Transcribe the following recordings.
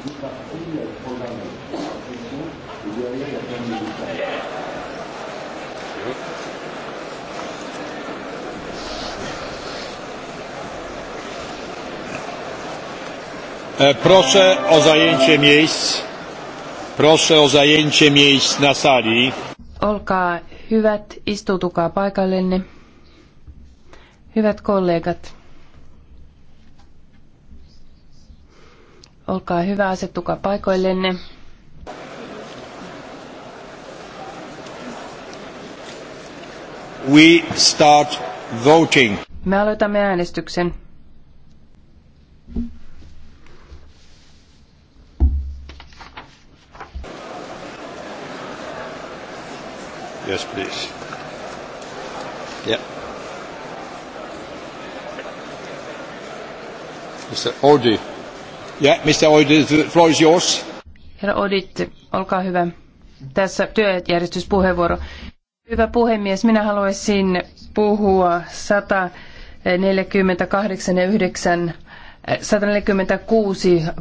Et derrière, de Proszę o zajęcie miejsc. Proszę o zajęcie miejsc na sali. Olkaa hyvät, istutukaa paikallenne. Hyvät kollegat. Olkaa hyvä, asettukaa paikoillenne. We start voting. Me aloitamme äänestyksen. Yes, please. Yeah. Mr. Audi. Yeah, Mr. Oidit, the floor is yours. Herra Odit, olkaa hyvä. Tässä työjärjestyspuheenvuoro. Hyvä puhemies, minä haluaisin puhua 148 ja 9 146 äh, äh,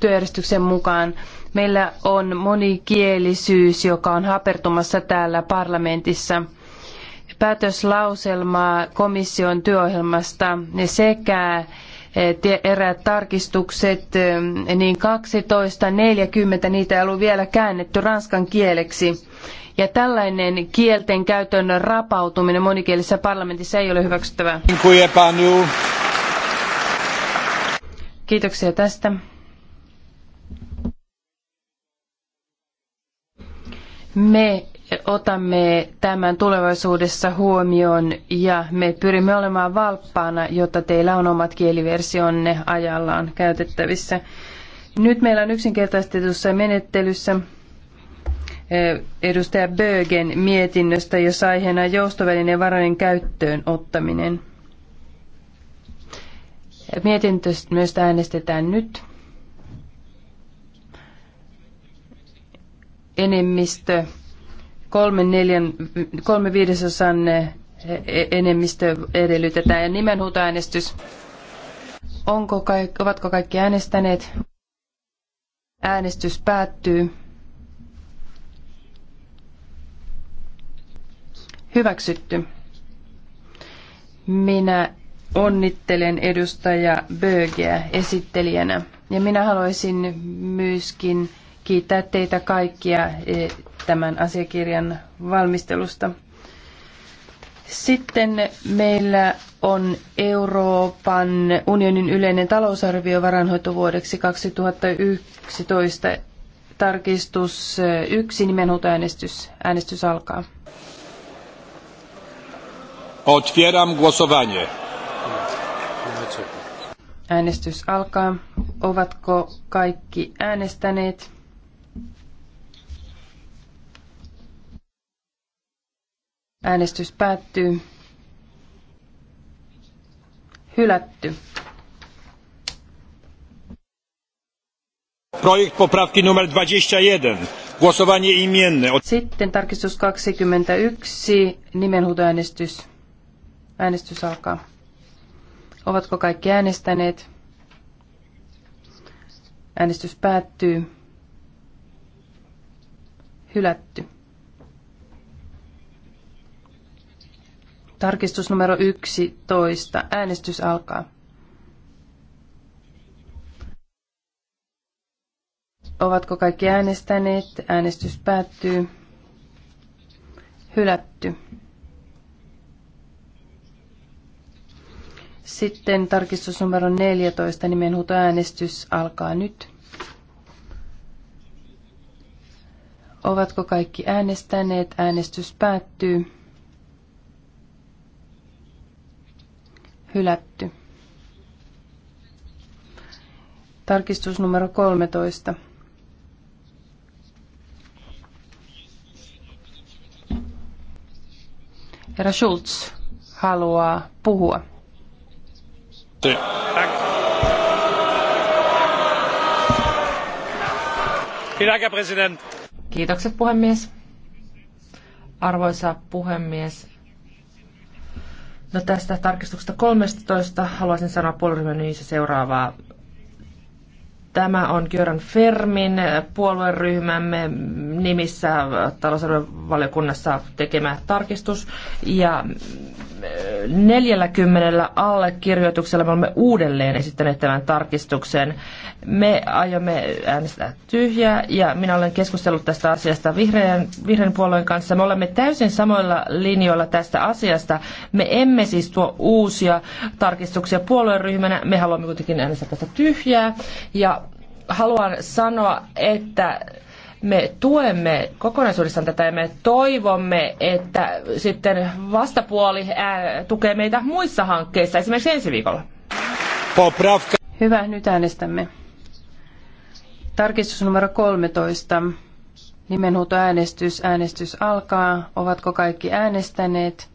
työjärjestyksen mukaan. Meillä on monikielisyys, joka on hapertumassa täällä parlamentissa. Päätöslauselma, komission työohjelmasta sekä eräät tarkistukset, eh, niin 12.40 niitä ei ollut vielä käännetty ranskan kieleksi. Ja tällainen kielten käytön rapautuminen monikielisessä parlamentissa ei ole hyväksyttävää. Kiitoksia tästä. Me otamme tämän tulevaisuudessa huomioon ja me pyrimme olemaan valppaana, jotta teillä on omat kieliversionne ajallaan käytettävissä. Nyt meillä on yksinkertaistetussa menettelyssä eh, edustaja Bögen mietinnöstä, jossa aiheena joustovälineen varojen käyttöön ottaminen. Mietintöstä äänestetään nyt. enemmistö, kolmen, neljän, kolme viidesosan e-, enemmistö edellytetään ja nimenhuutoäänestys. Onko kaik, ovatko kaikki äänestäneet? Äänestys päättyy. Hyväksytty. Minä onnittelen edustaja Bögeä esittelijänä. Ja minä haluaisin myöskin kiittää teitä kaikkia e, tämän asiakirjan valmistelusta. Sitten meillä on Euroopan unionin yleinen talousarvio varanhoitovuodeksi 2011. Tarkistus e, yksi nimenhuutoäänestys. Äänestys alkaa. Otwieram głosowanie. Äänestys alkaa. Ovatko kaikki äänestäneet? Äänestys päättyy. Hylätty. Projekt poprawki numer 21. Głosowanie imienne. Sitten tarkistus 21. Nimenhuutoäänestys. Äänestys alkaa. Ovatko kaikki äänestäneet? Äänestys päättyy. Hylätty. Tarkistus numero 11. Äänestys alkaa. Ovatko kaikki äänestäneet? Äänestys päättyy. Hylätty. Sitten tarkistus numero 14, nimenhuutoäänestys alkaa nyt. Ovatko kaikki äänestäneet? Äänestys päättyy. hylätty. Tarkistus numero 13. Herra Schulz haluaa puhua. Kiitokset puhemies. Arvoisa puhemies, No tästä tarkistuksesta 13 haluaisin sanoa puolueryhmän niissä seuraavaa. Tämä on Kyörän Fermin puolueryhmämme nimissä talousarvon valiokunnassa tekemä tarkistus. Ja 40 äh, allekirjoituksella me olemme uudelleen esittäneet tämän tarkistuksen. Me aiomme äänestää tyhjää ja minä olen keskustellut tästä asiasta vihreän, vihreän puolueen kanssa. Me olemme täysin samoilla linjoilla tästä asiasta. Me emme siis tuo uusia tarkistuksia puolueryhmänä. Me haluamme kuitenkin äänestää tästä tyhjää ja haluan sanoa, että me tuemme kokonaisuudessaan tätä ja me toivomme, että sitten vastapuoli ää, tukee meitä muissa hankkeissa, esimerkiksi ensi viikolla. Hyvä, nyt äänestämme. Tarkistus numero 13. Nimenhuutoäänestys. Äänestys alkaa. Ovatko kaikki äänestäneet?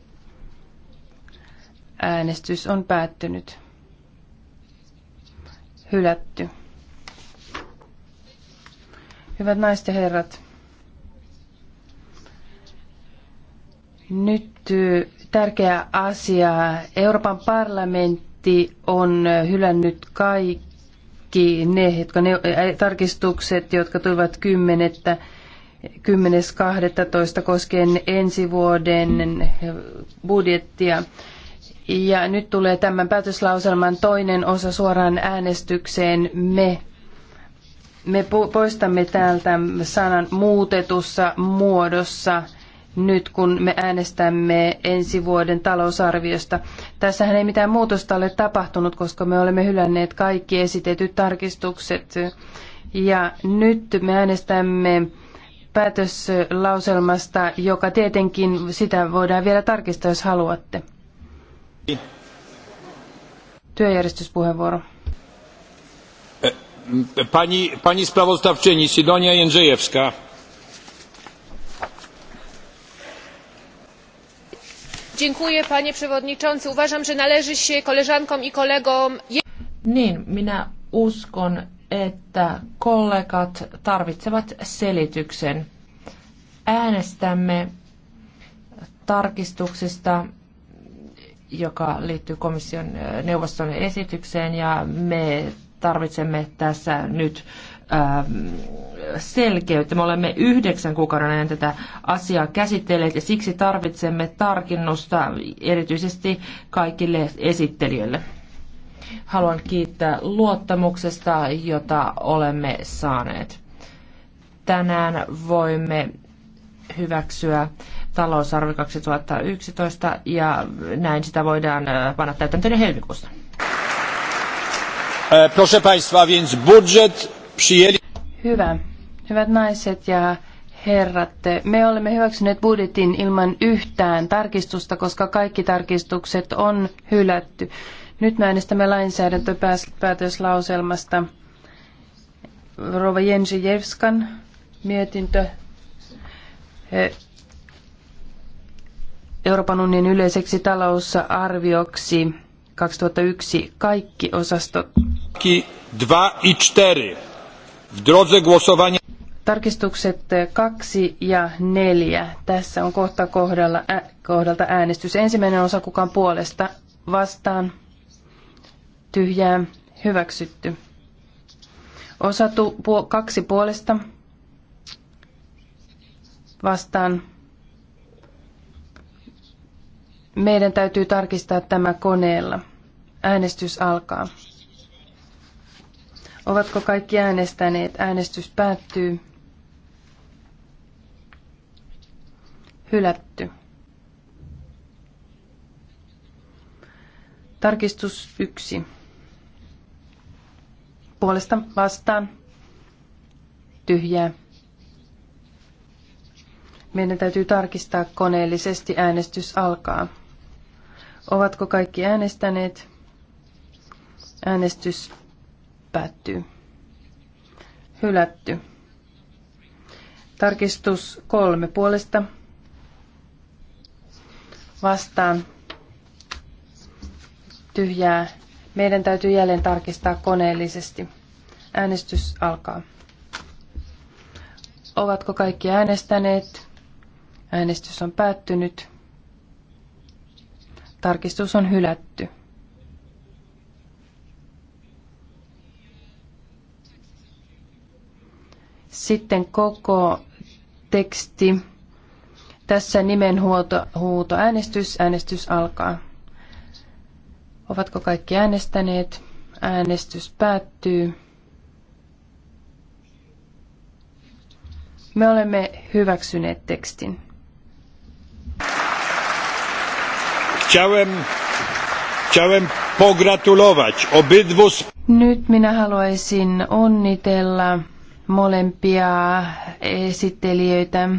Äänestys on päättynyt. Hylätty. Hyvät naiset ja herrat, nyt tärkeä asia. Euroopan parlamentti on hylännyt kaikki ne, jotka ne tarkistukset, jotka tulivat 10.12. koskien ensi vuoden budjettia. Ja nyt tulee tämän päätöslauselman toinen osa suoraan äänestykseen. Me me poistamme täältä sanan muutetussa muodossa nyt kun me äänestämme ensi vuoden talousarviosta. Tässähän ei mitään muutosta ole tapahtunut, koska me olemme hylänneet kaikki esitetyt tarkistukset. Ja nyt me äänestämme päätöslauselmasta, joka tietenkin sitä voidaan vielä tarkistaa, jos haluatte. Niin. Työjärjestyspuheenvuoro. Pani, sprawozdawczyni Sidonia Jędrzejewska. Dziękuję, panie przewodniczący. Uważam, że należy się koleżankom i kolegom... Niin, minä uskon, että kollegat tarvitsevat selityksen. Äänestämme tarkistuksista, joka liittyy komission äh, neuvoston esitykseen, ja me tarvitsemme tässä nyt ähm, selkeyttä. Me olemme yhdeksän kuukauden ajan tätä asiaa käsitelleet ja siksi tarvitsemme tarkennusta erityisesti kaikille esittelijöille. Haluan kiittää luottamuksesta, jota olemme saaneet. Tänään voimme hyväksyä talousarvio 2011 ja näin sitä voidaan äh, panna täytäntöön helmikuussa. E, proszę Państwa, więc budżet przyjęli... Hyvä. Hyvät naiset ja herrat, me olemme hyväksyneet budjetin ilman yhtään tarkistusta, koska kaikki tarkistukset on hylätty. Nyt me äänestämme lainsäädäntöpäätöslauselmasta Rova Jensi Jevskan mietintö e, Euroopan unionin yleiseksi talousarvioksi 2001 kaikki osastot poprawki 2 i 4 w drodze głosowania. Tarkistukset 2 ja 4. Tässä on kohta kohdalla, ä, kohdalta äänestys. Ensimmäinen osa kukaan puolesta vastaan. Tyhjää hyväksytty. Osa tu, pu, kaksi puolesta vastaan. Meidän täytyy tarkistaa tämä koneella. Äänestys alkaa. Ovatko kaikki äänestäneet? Äänestys päättyy. Hylätty. Tarkistus 1. Puolesta vastaan. Tyhjää. Meidän täytyy tarkistaa koneellisesti äänestys alkaa. Ovatko kaikki äänestäneet? Äänestys Päättyy. Hylätty. Tarkistus kolme puolesta. Vastaan. Tyhjää. Meidän täytyy jälleen tarkistaa koneellisesti. Äänestys alkaa. Ovatko kaikki äänestäneet? Äänestys on päättynyt. Tarkistus on hylätty. Sitten koko teksti. Tässä nimenhuuto huuto, äänestys. Äänestys alkaa. Ovatko kaikki äänestäneet? Äänestys päättyy. Me olemme hyväksyneet tekstin. Chciałem, chciałem pogratulować obydwu. Nyt minä haluaisin onnitella molempia esittelijöitä,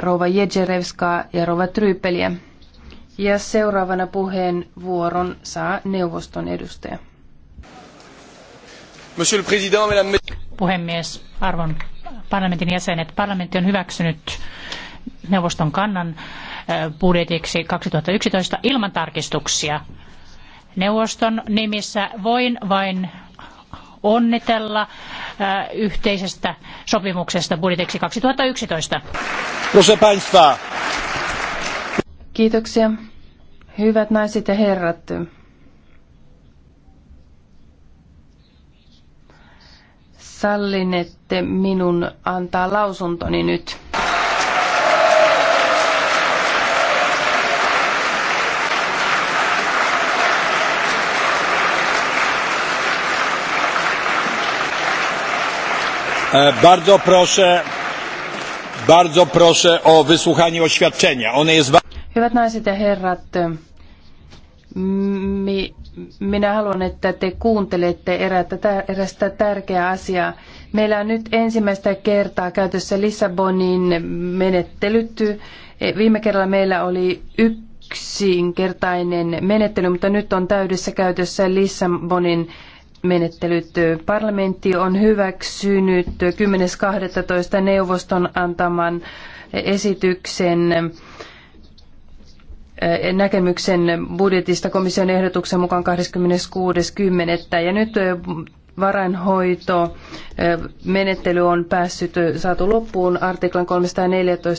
Rova Jedzerevska ja Rova Tryypeliä. Ja seuraavana puheenvuoron saa neuvoston edustaja. Monsieur le Président, Puhemies, arvon parlamentin jäsenet, parlamentti on hyväksynyt neuvoston kannan äh, budjetiksi 2011 ilman tarkistuksia. Neuvoston nimissä voin vain onnitella äh, yhteisestä sopimuksesta budjetiksi 2011. Proszę Państwa. Kiitoksia. Hyvät naiset ja herrat. Sallinette minun antaa lausuntoni nyt. E, bardzo proszę, bardzo proszę o wysłuchanie oświadczenia. One jest... Hyvät naiset ja herrat, mi, minä haluan, että te kuuntelette erätä, erästä tärkeää asiaa. Meillä on nyt ensimmäistä kertaa käytössä Lissabonin menettelyt. E, viime kerralla meillä oli yksinkertainen menettely, mutta nyt on täydessä käytössä Lissabonin menettely menettelyt. Parlamentti on hyväksynyt 10.12. neuvoston antaman esityksen eh, näkemyksen budjetista komission ehdotuksen mukaan 26.10. Ja nyt eh, varainhoito menettely on päässyt eh, saatu loppuun artiklan 314